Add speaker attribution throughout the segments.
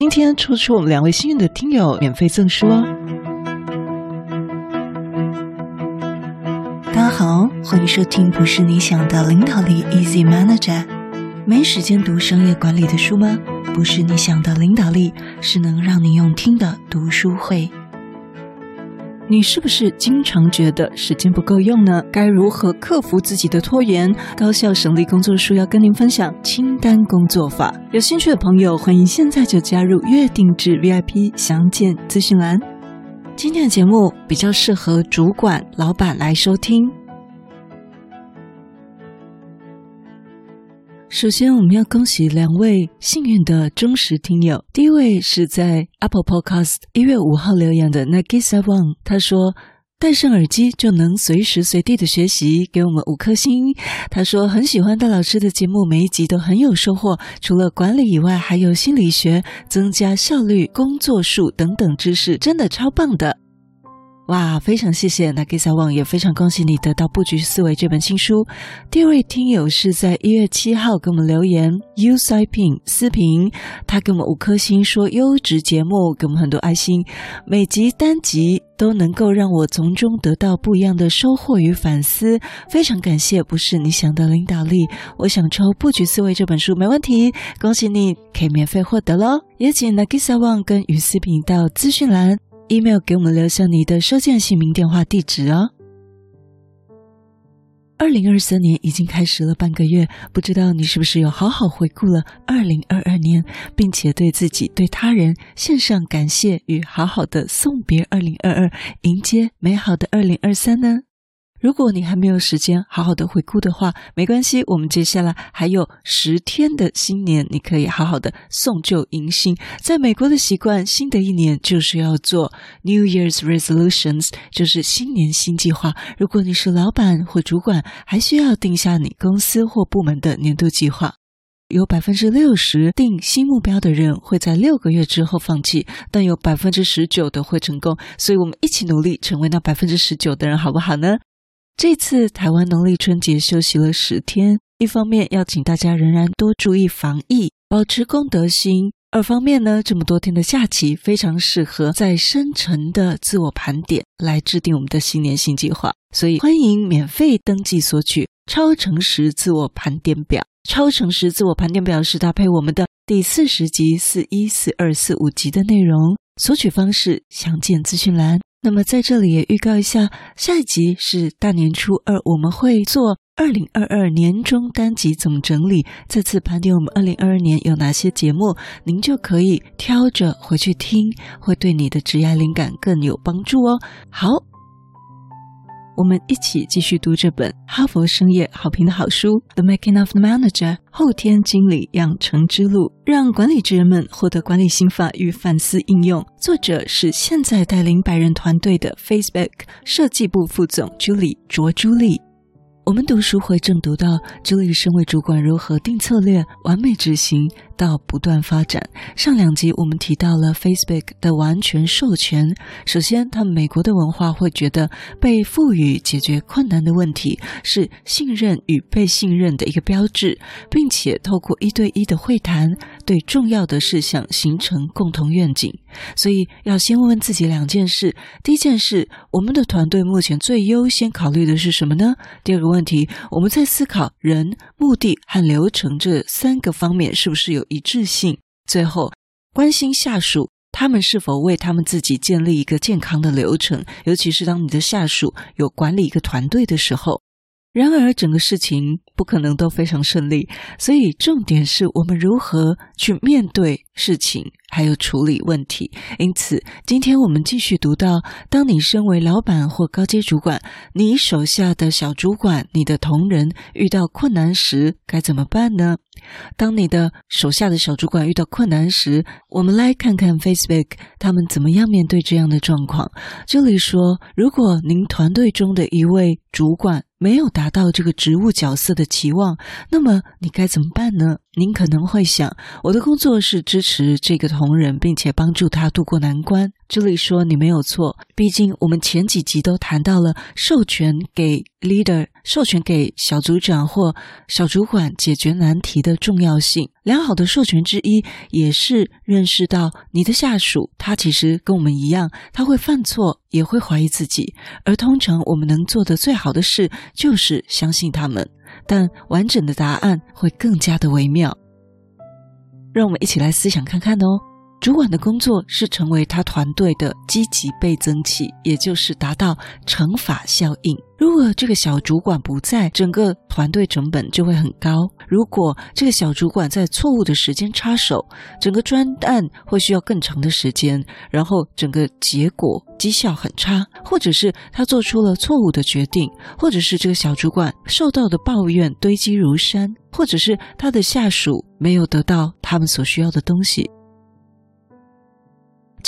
Speaker 1: 今天抽出我們兩位幸運的聽友，免費贈書哦！大家好，歡迎收聽《不是你想的領導力》，Easy Manager。沒時間讀商業管理的書嗎？不是你想的領導力，是能讓你用聽的讀書會。你是不是經常覺得時間不夠用呢？該如何克服自己的拖延，高效省力工作？書要跟您分享清單工作法。有興趣的朋友，歡迎現在就加入月定制 VIP，詳見資訊欄。今天的節目比較適合主管、老闆來收聽。首先，我們要恭喜兩位幸運的忠實聽友。第一位是在 Apple Podcast 一月五號留言的 NagisaWang，他說：“戴上耳機就能隨時隨地的學習，給我們五顆星。她”他說很喜歡戴老師的節目，每一集都很有收穫。除了管理以外，還有心理學、增加效率、工作數等等知識，真的超棒的。哇，非常謝謝！Nagisa Wang 也非常恭喜你得到《布局思維》這本新書。第二位聽友是在一月七號給我們留言 yusaipin，思平，他給我們五顆星，說優質節目，給我們很多愛心，每集單集都能夠讓我從中得到不一樣的收穫與反思，非常感謝！不是你想的領導力，我想抽《布局思維》這本書，沒問題，恭喜你，可以免費獲得嘍！也請 Nagisa Wang 跟於思平到資訊欄。Email 給我們留下你的收件姓名、電話、地址哦。二零二三年已經開始了半個月，不知道你是不是有好好回顧了二零二二年，並且對自己、對他人獻上感謝與好好的送別二零二二，迎接美好的二零二三呢？如果你還沒有時間好好的回顧的話，沒關係，我們接下來還有十天的新年，你可以好好的送舊迎新。在美國的習慣，新的一年就是要做 New Year's Resolutions，就是新年新計劃。如果你是老闆或主管，還需要定下你公司或部門的年度計劃。有百分之六十定新目標的人會在六個月之後放棄，但有百分之十九的會成功。所以我們一起努力，成為那百分之十九的人，好不好呢？這次台灣農曆春節休息了十天，一方面要請大家仍然多注意防疫，保持公德心；二方面呢，這麼多天的假期非常適合在深沉的自我盤點，來制定我們的新年新計劃。所以歡迎免費登記索取超誠實自我盤點表。超誠實自我盤點表是搭配我們的第四十集、四一、四二、四五集的內容。索取方式詳見資訊欄。那麼在這裡也預告一下，下一集是大年初二，我們會做二零二二年終單集總整理。再次盤點我們二零二二年有哪些節目，您就可以挑着回去聽，會對你的職業靈感更有幫助哦。好。我們一起繼續讀這本哈佛商業好評的好書《The Making of the Manager》，後天經理養成之路，讓管理職人們獲得管理心法與反思應用。作者是現在帶領百人團隊的 Facebook 設計部副總 Julie 卓朱莉。我們讀書會正讀到朱莉身為主管如何定策略、完美執行。到不斷發展。上兩集我們提到了 Facebook 的完全授權。首先，他們美國的文化會覺得被賦予解決困難的問題是信任與被信任的一個標誌，並且透過一對一的會談，對重要的事項形成共同願景。所以，要先問問自己兩件事：第一件事，我們的團隊目前最優先考慮的是什麼呢？第二個問題，我們在思考人、目的和流程這三個方面是不是有？一致性。最後，關心下屬，他們是否為他們自己建立一個健康的流程，尤其是當你的下屬有管理一個團隊的時候。然而，整個事情不可能都非常順利，所以重點是我們如何去面對事情，還有處理問題。因此，今天我們繼續讀到：當你身為老闆或高階主管，你手下的小主管、你的同仁遇到困難時，該怎麼辦呢？當你的手下的小主管遇到困難時，我們來看看 Facebook 他們怎麼樣面對這樣的狀況。這裡說：如果您團隊中的一位主管，沒有達到這個職務角色的期望，那麼你該怎麼辦呢？您可能會想，我的工作是支持這個同仁，並且幫助他渡過難關。這裡說你沒有錯，畢竟我們前幾集都談到了授權給 leader、授權給小組長或小主管解決難題的重要性。良好的授權之一，也是認識到你的下屬，他其實跟我們一樣，他會犯錯，也會懷疑自己。而通常我們能做的最好的事，就是相信他們。但完整的答案會更加的微妙。讓我們一起來思想看看哦。主管的工作是成為他團隊的積極倍增器，也就是達到乘法效應。如果這個小主管不在，整個團隊成本就會很高。如果這個小主管在錯誤的時間插手，整個專案會需要更長的時間，然後整個結果績效很差。或者是他做出了錯誤的決定，或者是這個小主管受到的抱怨堆積如山，或者是他的下屬沒有得到他們所需要的東西。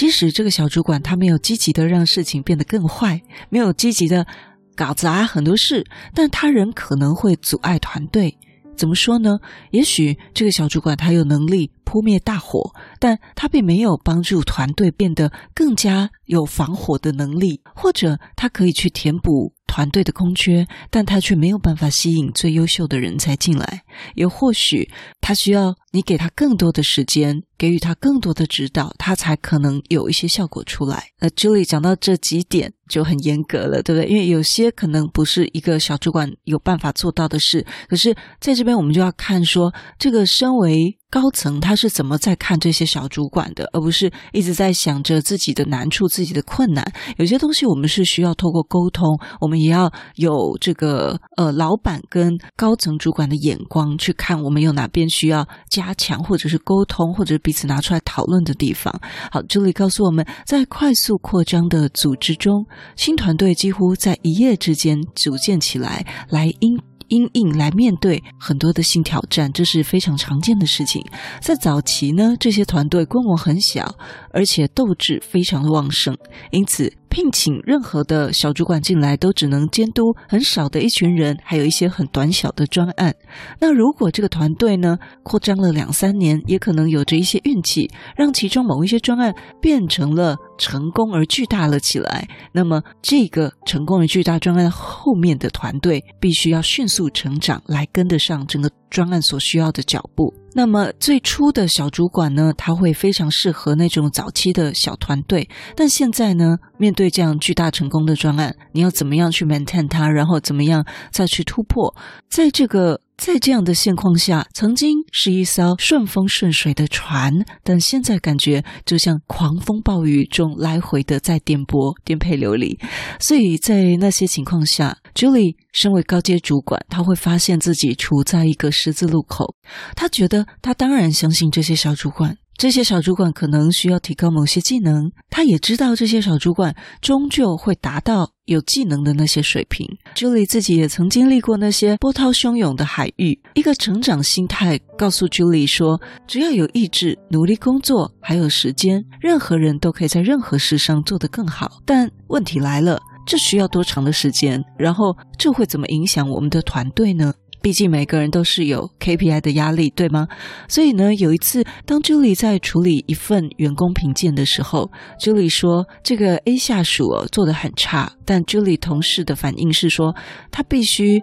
Speaker 1: 即使這個小主管他沒有積極的讓事情變得更壞，沒有積極的搞砸很多事，但他人可能會阻礙團隊。怎麼說呢？也許這個小主管他有能力撲滅大火，但他並沒有幫助團隊變得更加有防火的能力，或者他可以去填補。團隊的空缺，但他卻沒有辦法吸引最優秀的人才進來。也或許他需要你給他更多的時間，給予他更多的指導，他才可能有一些效果出來。那 Julie 講到這幾點就很嚴格了，對不對？因為有些可能不是一個小主管有辦法做到的事。可是在這邊，我們就要看說，這個身為高層他是怎麼在看這些小主管的，而不是一直在想着自己的難處、自己的困難。有些東西我們是需要透過溝通，我們也要有這個呃，老闆跟高層主管的眼光去看，我們有哪邊需要加強，或者是溝通，或者是彼此拿出來討論的地方。好，這裡告訴我們，在快速擴張的組織中，新團隊幾乎在一夜之間組建起來，來英。因應來面對很多的新挑戰，這是非常常見的事情。在早期呢，這些團隊規模很小，而且鬥志非常的旺盛，因此，聘請任何的小主管進來，都只能監督很少的一群人，還有一些很短小的專案。那如果這個團隊呢擴張了兩三年，也可能有着一些運氣，讓其中某一些專案變成了成功而巨大了起來。那麼，這個成功而巨大專案後面的團隊，必須要迅速成長來跟得上整個。專案所需要的腳步。那麼最初的小主管呢，他會非常適合那種早期的小團隊。但現在呢，面對這樣巨大成功的專案，你要怎麼樣去 maintain 它，然後怎麼樣再去突破？在這個。在這樣的現況下，曾經是一艘順風順水的船，但現在感覺就像狂風暴雨中來回的在顛簸、顛沛流離。所以在那些情況下，朱莉身為高階主管，她會發現自己處在一個十字路口。她覺得她當然相信這些小主管。這些小主管可能需要提高某些技能，他也知道這些小主管終究會達到有技能的那些水平。朱莉自己也曾經歷過那些波濤洶湧的海域。一個成長心態告訴朱莉說，只要有意志、努力工作，還有時間，任何人都可以在任何事上做得更好。但問題來了，這需要多長的時間？然後這會怎麼影響我們的團隊呢？畢竟每個人都是有 KPI 的壓力，對嗎？所以呢，有一次，當 Julie 在處理一份員工評鑑的時候，Julie 說這個 A 下屬哦，做得很差，但 Julie 同事的反應是說他必須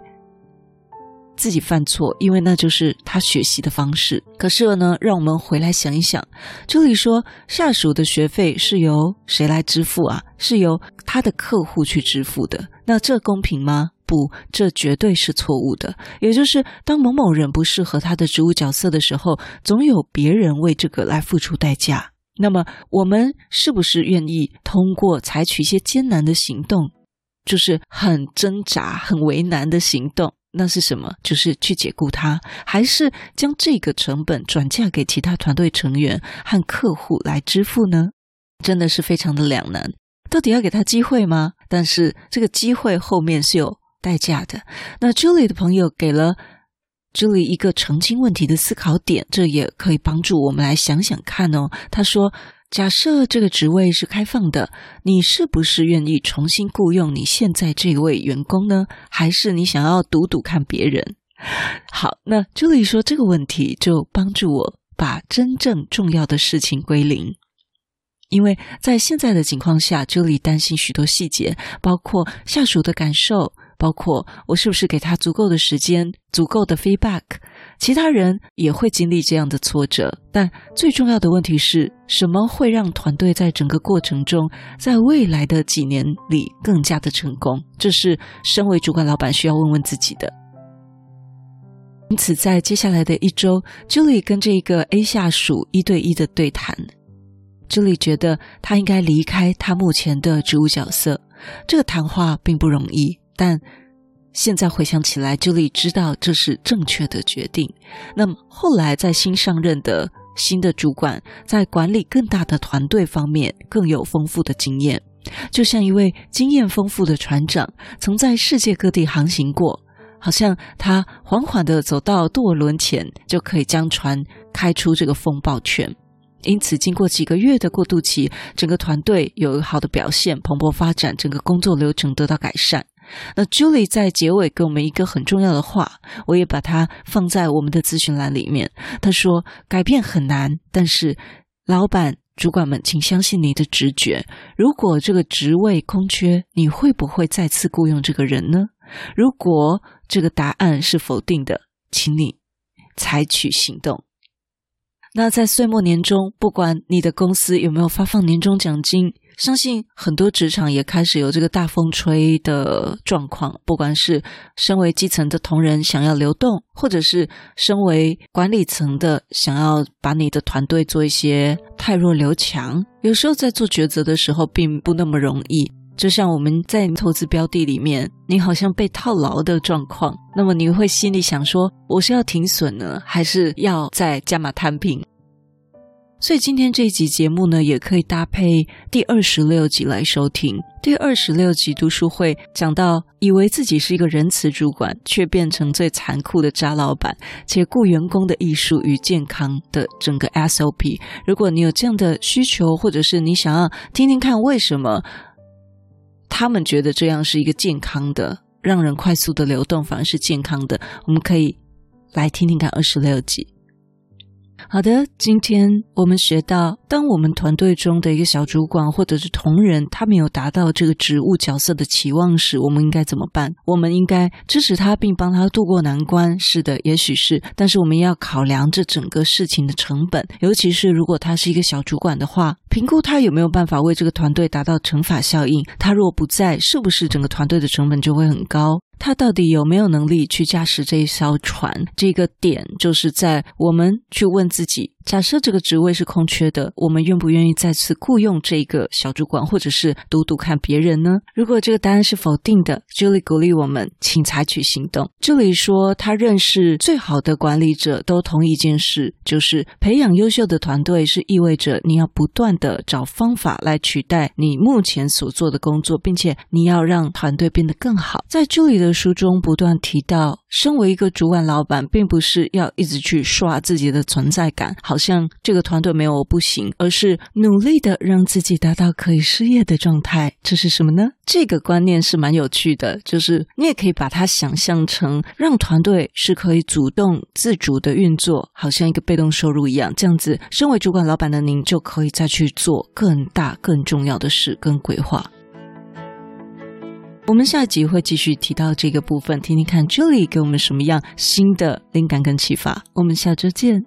Speaker 1: 自己犯錯，因為那就是他學習的方式。可是呢，讓我們回來想一想，Julie 說下屬的學費是由誰來支付啊？是由他的客戶去支付的，那這公平嗎？不，這絕對是錯誤的。也就是當某某人不適合他的職務角色的時候，總有別人為這個來付出代價。那麼，我們是不是願意通過採取一些艱難的行動，就是很掙扎、很為難的行動？那是什麼？就是去解僱他，還是將這個成本轉嫁給其他團隊成員和客戶來支付呢？真的是非常的兩難。到底要給他機會嗎？但是這個機會後面是有。代價的。那 Julie 的朋友給了 Julie 一個澄清問題的思考點，這也可以幫助我們來想想看哦。他說：“假設這個職位是開放的，你是不是願意重新僱傭你現在這位員工呢？還是你想要賭賭看別人？”好，那 Julie 說這個問題就幫助我把真正重要的事情歸零，因為在現在的情況下，Julie 擔心許多細節，包括下屬的感受。包括我是不是給他足夠的時間、足夠的 feedback？其他人也會經歷這樣的挫折，但最重要的問題是，什麼會讓團隊在整個過程中，在未來的幾年裡更加的成功？這是身為主管老板需要問問自己的。因此，在接下來的一周，朱莉跟這個 A 下屬一對一的對談。朱莉覺得他應該離開他目前的職務角色。這個談話並不容易。但現在回想起來，Julie 知道這是正確的決定。那麼後來，在新上任的新的主管在管理更大的團隊方面更有豐富的經驗，就像一位經驗豐富的船長，曾在世界各地航行過。好像他緩緩地走到舵輪前，就可以將船開出這個風暴圈。因此，經過幾個月的過渡期，整個團隊有一個好的表現，蓬勃發展，整個工作流程得到改善。那 Julie 在結尾給我們一個很重要的話，我也把它放在我們的諮詢欄裡面。他說：“改變很難，但是老闆、主管們，請相信你的直覺。如果這個職位空缺，你會不會再次僱傭這個人呢？如果這個答案是否定的，請你採取行動。那在歲末年終，不管你的公司有沒有發放年終獎金。”相信很多職場也開始有這個大風吹的狀況，不管是身為基層的同仁想要流動，或者是身為管理層的想要把你的團隊做一些汰弱留強，有時候在做抉擇的時候並不那麼容易。就像我們在投資標的裡面，你好像被套牢的狀況，那麼你會心裡想說：我是要停損呢，還是要再加碼攤平？所以今天這一集節目呢，也可以搭配第二十六集來收聽。第二十六集讀書會講到，以為自己是一個仁慈主管，卻變成最殘酷的渣老板，解僱員工的藝術與健康的整個 SOP。如果你有這樣的需求，或者是你想要聽聽看為什麼他們覺得這樣是一個健康的、讓人快速的流動，反而是健康的，我們可以來聽聽看二十六集。好的，今天我們學到，當我們團隊中的一個小主管或者是同仁，他沒有達到這個職務角色的期望時，我們應該怎麼辦？我們應該支持他，並幫他渡過難關。是的，也許是，但是我們要考量這整個事情的成本，尤其是如果他是一個小主管的話。評估他有沒有辦法為這個團隊達到乘法效應？他若不在，是不是整個團隊的成本就會很高？他到底有沒有能力去駕駛這一艘船？這個點就是在我們去問自己，假設這個職位是空缺的，我們願不願意再次僱傭這一個小主管，或者是讀讀看別人呢？如果這個答案是否定的，Julie 鼓勵我們，請採取行動。Julie 說，她認識最好的管理者都同意一件事，就是培養優秀的團隊，是意味着你要不斷的找方法來取代你目前所做的工作，並且你要讓團隊變得更好。在 Julie 的書中不斷提到，身為一個主管老板，並不是要一直去刷自己的存在感，好。好像這個團隊沒有不行，而是努力的讓自己達到可以失業的狀態，這是什麼呢？這個觀念是蠻有趣的，就是你也可以把它想象成讓團隊是可以主動自主的運作，好像一個被動收入一樣。這樣子，身為主管老板的您就可以再去做更大更重要的事跟規劃。我們下一集會繼續提到這個部分，聽聽看 Julie 給我們什麼樣新的靈感跟啟發。我們下周見。